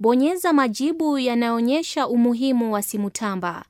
Bonyeza majibu yanayoonyesha umuhimu wa simu tamba.